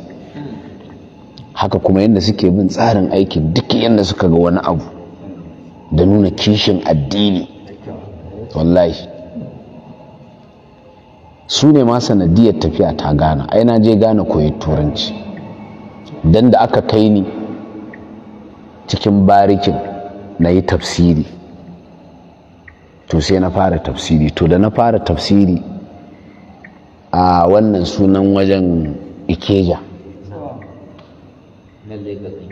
Speaker 1: haka kuma yadda suke bin tsarin aikin duk yadda suka ga wani abu da nuna kishin addini wallahi su ne ma sanadiyar tafiya ta gana ai na je gana koyi turanci don da aka kai ni cikin barikin na yi tafsiri to sai na fara tafsiri to da na fara tafsiri a wannan sunan wajen ikeja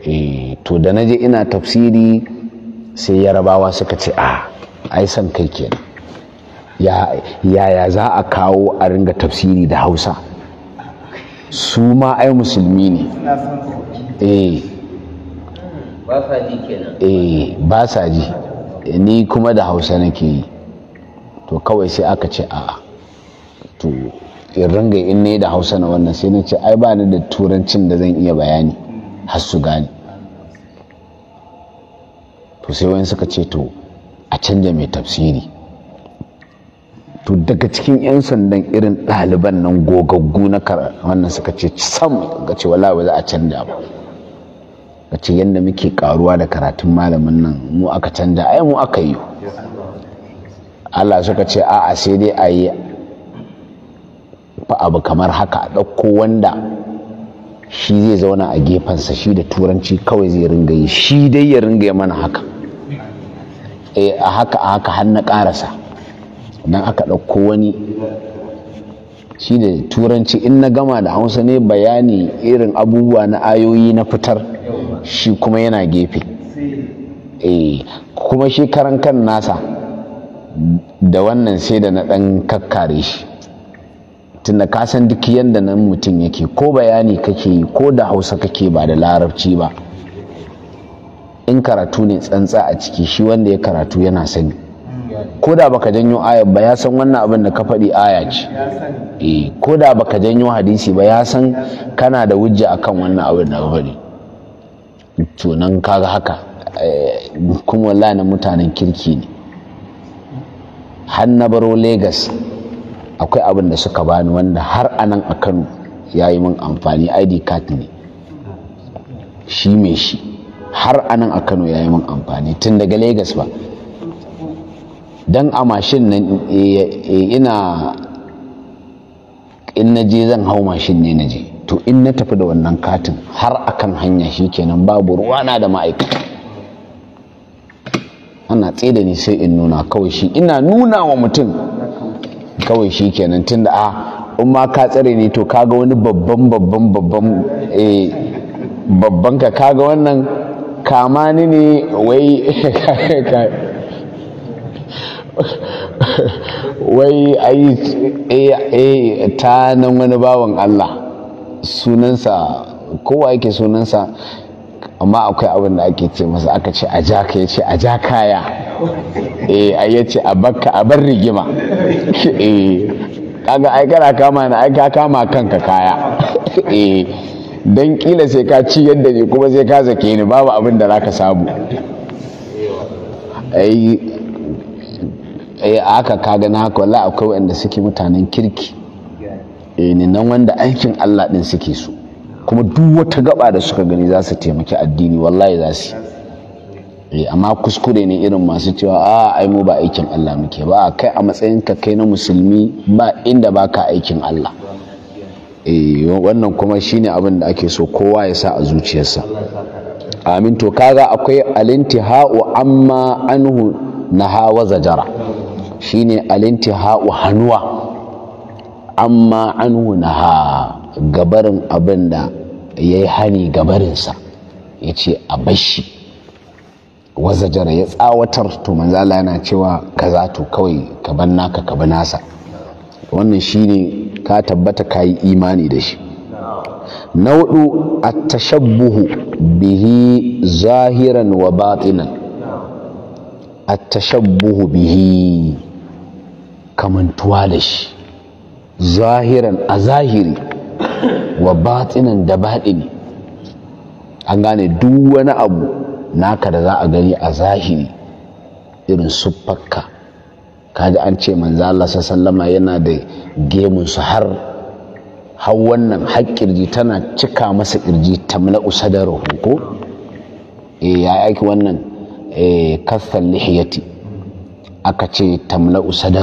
Speaker 1: eh, to da na je ina tafsiri sai yarabawa suka ce a ah, ai san kai kenan yaya za a kawo a ringa tafsiri da hausa su ma ai musulmi ne eh ba sa ji eh, eh, ni kuma da hausa nake yi to kawai sai aka ce a'a to in ringa in ne da hausa na wannan sai na ce ai ba ni da turancin da zan iya bayani har su gane to sai wani suka ce to a canja mai tafsiri to daga cikin 'yan sandan irin ɗaliban nan gogaggu na wannan suka ce sam ga ce wala ba za a canja ba ga ce yadda muke karuwa da karatun malamin nan mu aka canja ai mu aka yi Allah suka ce a'a sai dai a yi abu kamar haka a ɗauko wanda shi zai zauna a gefensa shi da turanci kawai zai ringa shi dai ya ringa mana haka eh, a haka a haka har na ƙarasa nan aka ɗauko wani shi da turanci in na gama da hausa ne bayani irin abubuwa na ayoyi na fitar shi kuma yana gefe e, kuma shi kan nasa da wannan sai da na ɗan kakkare shi tunda ka san duk yadda nan mutum yake ko bayani kake yi ko da hausa kake ba da larabci ba in karatu ne tsantsa a ciki shi wanda ya karatu yana sani ko da baka janyo aya ba ya san wannan abin da ka faɗi aya ce eh ko da baka janyo hadisi ba ya san kana da wujja akan wannan abin da ka faɗi to nan kaga haka eh, kuma wallahi mutanen kirki ne Hannabaro Legas akwai abin da suka bani wanda har anan a Kano ya yi min amfani ID card ne shi mai shi har anan a Kano ya yi min amfani tun daga Legas ba don a mashin nan eh, eh, ina in na je zan hau mashin ne na je to in na tafi da wannan katin har akan hanya shikenan babu ruwa na da ma'aikata ana tseda ni sai in nuna kawai shi ina nuna wa mutum kawai shi kenan tun da a ah, in ma ka tsare ne to kaga wani babban babban babban eh, babban ka kaga wannan kama ni ne wai wai yi eh, eh, ta nan wani bawan Allah sunansa kowa yake sunansa amma akwai abin da ake ce masa aka ce a ja ka ce a ja kaya eh ai ce a bakka a bar rigima eh kaga ai kana kama na ai ka kama kanka kaya e dan kila sai ka ci yadda ne kuma sai ka zake ni babu abin da zaka samu ai eh aka kaga na haka wala akwai wanda suke mutanen kirki E eh, ne nan wanda aikin Allah din suke so. kuma duk wata gaba da suka gani za su taimaki addini wallahi za su E amma kuskure ne irin masu cewa a ah, ai ba aikin Allah muke ba kai a matsayin ka kai na musulmi ba inda baka aikin Allah E wannan kuma shine abin da ake so kowa ya sa a zuciyarsa amin to kaga akwai alintiha'u amma anhu na hawa zajara shine ha'u hannuwa amma anhu ha gabarin abin da ya yi hani gabarinsa ya ce a bashi wazajara ya tsawatar to manzala yana cewa kaza to kawai ka ban naka ka bi nasa wannan shine ka tabbata ka yi imani da shi na hudu a tashabbuhu bihi zahiran wa batinan a tashabbuhu bihi kamantuwa da shi zahiran a zahiri wa batinan da baɗini an gane duk wani abu naka da za a gani a zahiri irin suffarka kaji an ce manzo Allah sallama yana da gemun su har har wannan tana cika masa ƙirji usa da ko eh ya aiki wannan eh, kastan lihiyati aka ce da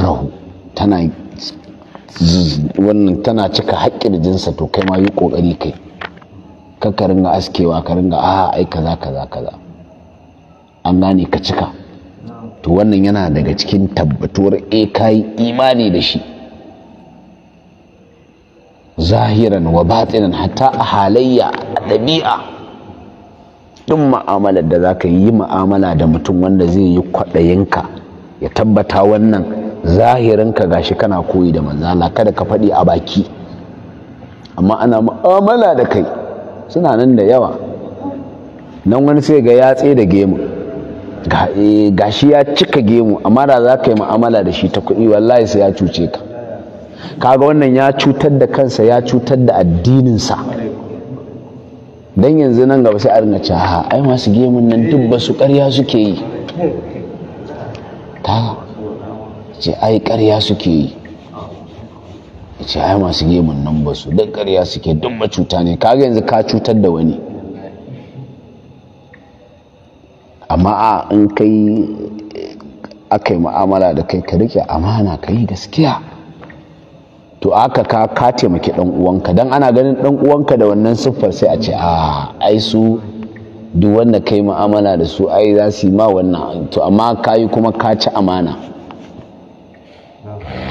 Speaker 1: rahu tana wannan tana cika haƙƙin jinsa to kai ma yi ƙoƙari kai ka ringa askewa ka ringa a ai kaza kaza kaza an gane ka cika to wannan yana daga cikin tabbatuwar e yi imani da shi zahiran wa batinan hatta a halayya a ɗabi'a duk ma'amalar da za ka yi mu'amala da mutum wanda zai yi kwaɗayinka ya tabbata wannan zahirin ka gashi kana koyi da manzo kada ka faɗi a baki amma ana mu'amala da kai suna nan da yawa nan wani sai ga ya tsaye da gemu eh, gashi ya cika gemu amma da za ka yi mu'amala da shi ta kuɗi wallahi sai ya cuce ka kaga wannan ya cutar da kansa ya cutar da addininsa dan yanzu nan gaba sai a ringa cewa ai masu gemun nan duk ba su ƙarya suke yi ta ce ai ƙarya suke yi ce ai masu gemun nan ba su don ƙarya suke don macuta ne kaga yanzu ka cutar da wani amma a in kai aka yi mu'amala da kai ka rike amana ka yi gaskiya to aka ka ka taimaki dan uwanka dan ana ganin dan uwanka da wannan siffar sai a ce a ai su duk wanda kai mu'amala da su ai za su yi ma wannan to amma yi kuma ka ci amana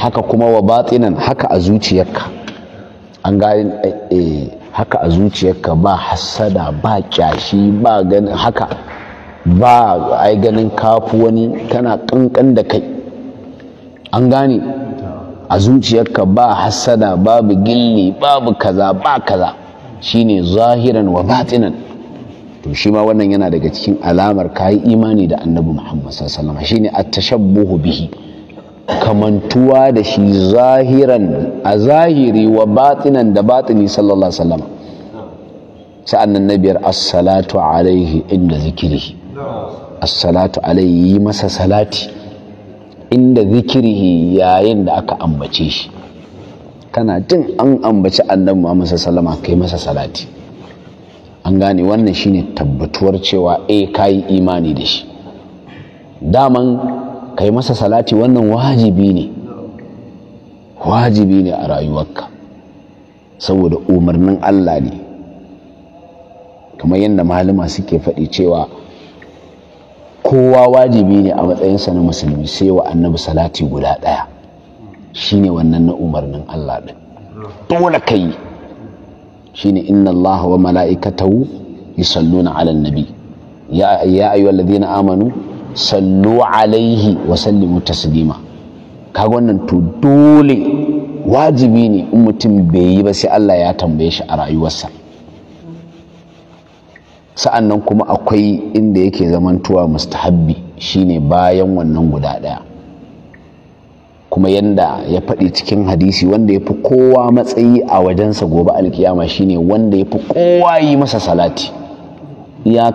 Speaker 1: haka kuma wa batinan haka a zuciyarka an gane eh, eh, haka a zuciyarka ba hasada ba kyashi ba ganin haka ba ai ganin kafu wani kana kankan da kai an gane a zuciyarka ba hasada babu gilli babu kaza ba kaza shine zahiran wa batinan to shi ma wannan yana daga cikin alamar kayi imani da annabi muhammad sallallahu alaihi wasallam shine at-tashabbuhu bihi kamantuwa da shi zahiran a zahiri wa batinan da batini sallallahu alaihi sa'an nan na biyar assalatu alaihi inda zikiri assalatu alaihi yi masa salati inda zikiri yayin da aka ambace shi kana jin an ambaci annabi Muhammad salama kai masa salati an gane wannan shine tabbatuwar cewa eh kayi imani da shi daman Ka yi masa salati wannan wajibi ne wajibi ne a rayuwarka saboda umarnin Allah ne kamar yadda malama suke faɗi cewa kowa wajibi ne a matsayinsa na musulmi sai wa annabi salati guda ɗaya shine wannan na umarnin Allah ɗin dole ka yi shine inna Allah wa mala'ikatahu yusalluna 'alan nabi ya ayyuhallazina amanu sallu alaihi wa sallimu taslima kaga wannan to dole wajibi ne in mutum bai yi ba sai Allah ya tambaye shi a rayuwarsa Sa'annan kuma akwai inda yake zamantuwa mustahabbi shine bayan wannan guda ɗaya kuma yanda ya faɗi cikin hadisi wanda ya fi kowa matsayi a wajensa gobe alkiyama shine wanda ya fi kowa yi masa salati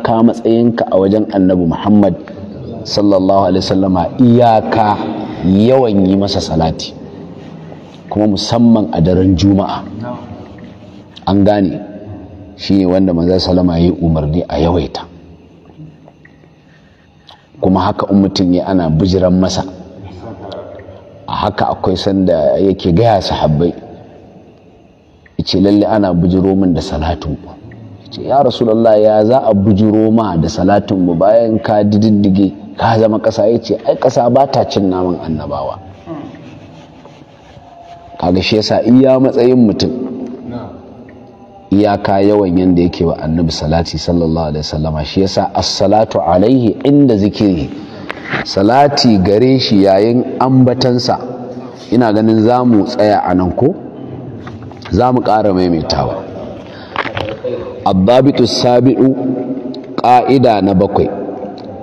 Speaker 1: ka matsayinka a wajen annabi muhammad sallallahu alaihi wasallama iyaka yawan yi masa salati kuma musamman a daren juma'a an gane shi ne wanda manzo sallama ya yi umarni a yawaita kuma haka in mutum ya ana bijiran masa a haka akwai sanda yake gaya sahabbai ce lalle ana bujiro min da salatu ya rasulallah ya za a bujiro ma da salatin mu bayan ka diddige ka zama ƙasa ya ce ai ƙasa ba ta cin naman annabawa kaga shi yasa iya matsayin mutum iyaka yawan yanda yake wa annabi salati sallallahu alaihi wasallama shi yasa as-salatu alaihi inda zikiri salati gare shi yayin ambatansa ina ganin za mu tsaya a nan ko za mu ƙara maimaitawa abbabitu sabi'u ƙa'ida na bakwai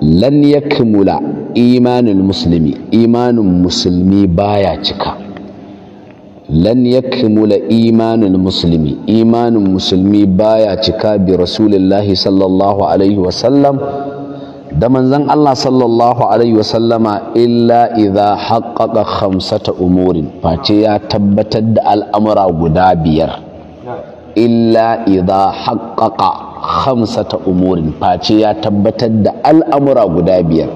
Speaker 1: lan yakmula imanul muslimi imanin musulmi baya cika lan yakmula imanul muslimi imanin musulmi baya cika bi rasulillahi sallallahu alaihi sallam da manzon Allah sallallahu alaihi wasallama illa idza haqqaqa khamsata umurin face ya tabbatar da al'amura guda biyar illa idza haqqaqa khamsata umurin face ya tabbatar da al'amura guda biyar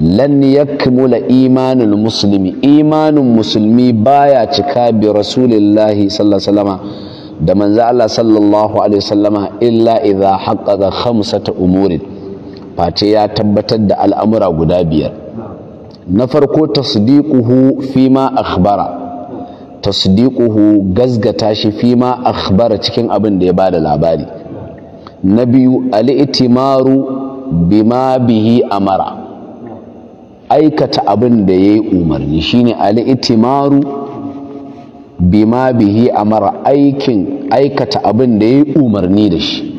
Speaker 1: lan yakmula imanul muslimi imanin musulmi baya cika bi rasulillahi sallallahu alaihi da manzo Allah sallallahu alaihi wasallama illa idza haqqaqa khamsata umurin face ya tabbatar da al'amura guda biyar na farko tasdiquhu fima akhbara tasdiquhu gazgata shi fima akhbara cikin abin da ya bada labari na biyu al'itimaru bima bihi amara aikata abin da ya yi umarni Shi shine al'itimaru bima bihi amara aikin aikata abin da ya yi umarni da shi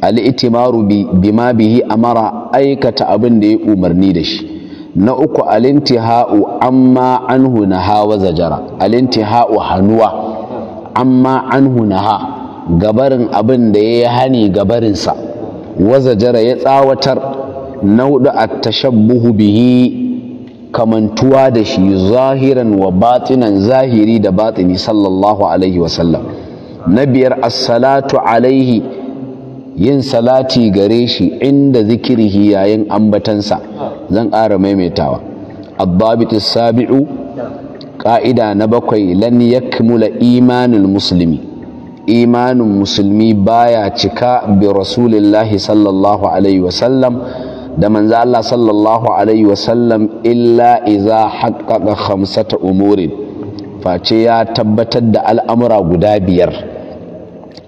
Speaker 1: al'itimaru bima bihi amara aikata abin da ya yi umarni da shi na uku alintiha'u amma anhu hunaha wa zajara ha'u hannuwa amma anhu naha gabarin abin da ya yi hani gabarinsa waza jara ya tsawatar na a a tashabbuhu bihi kamantuwa da shi zahiran wa batinan zahiri da batini sallallahu alaihi wasallam na biyar assalatu alaihi yin salati gare shi inda zikirhi yayin ambatansa zan ƙara maimaitawa abbabitis sabi'u ƙa'ida na bakwai lan yakmula imanul muslimi imanin musulmi baya cika bi rasulillahi sallallahu alaihi wasallam da manzo Allah sallallahu alaihi wasallam illa iza haqqaqa khamsata umurin face ya tabbatar da al'amura guda biyar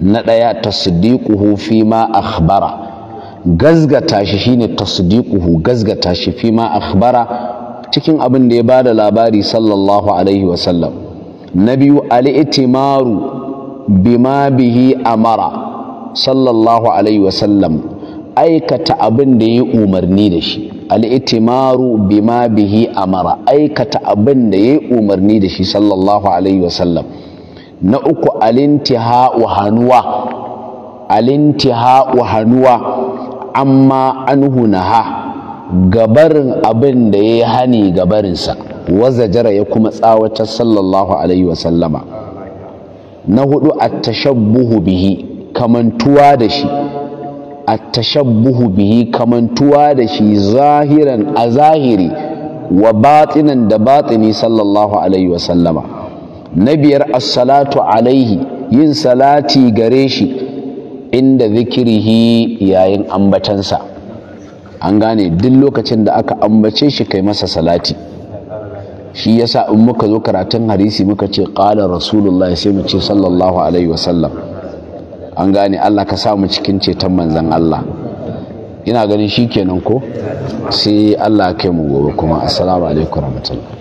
Speaker 1: na ɗaya tasdiquhu fi ma akhbara gazgata shi shine tasdiquhu gazgata shi fi ma akhbara cikin abin da ya bada labari sallallahu alaihi wasallam na biyu al'itimaru bima bihi amara sallallahu alaihi wasallam aikata abin da ya umarni da shi al'itimaru bima bihi amara aikata abin da ya umarni da shi sallallahu alaihi wasallam na uku alintiha'u hannuwa alintiha'u hannuwa amma anhu naha gabarin abin da ya yi hani gabarinsa waza ya kuma tsawatar sallallahu alaihi wasallama na hudu a tashabbuhu bihi kamantuwa da shi a tashabbuhu bihi kamantuwa da shi zahiran a zahiri wa batinan da batini sallallahu alaihi wa sallama na biyar assalatu salatu alaihi yin salati gare shi inda zikirihi yayin ambatansa an gane duk lokacin da aka ambace shi kai masa salati shi yasa in muka zo karatun hadisi muka ce qala rasulullahi sai mu ce sallallahu alaihi wasallam an gane Allah ka samu cikin ceton manzon Allah ina ganin shi shikenan ko sai Allah ya kai mu gobe kuma assalamu alaikum warahmatullahi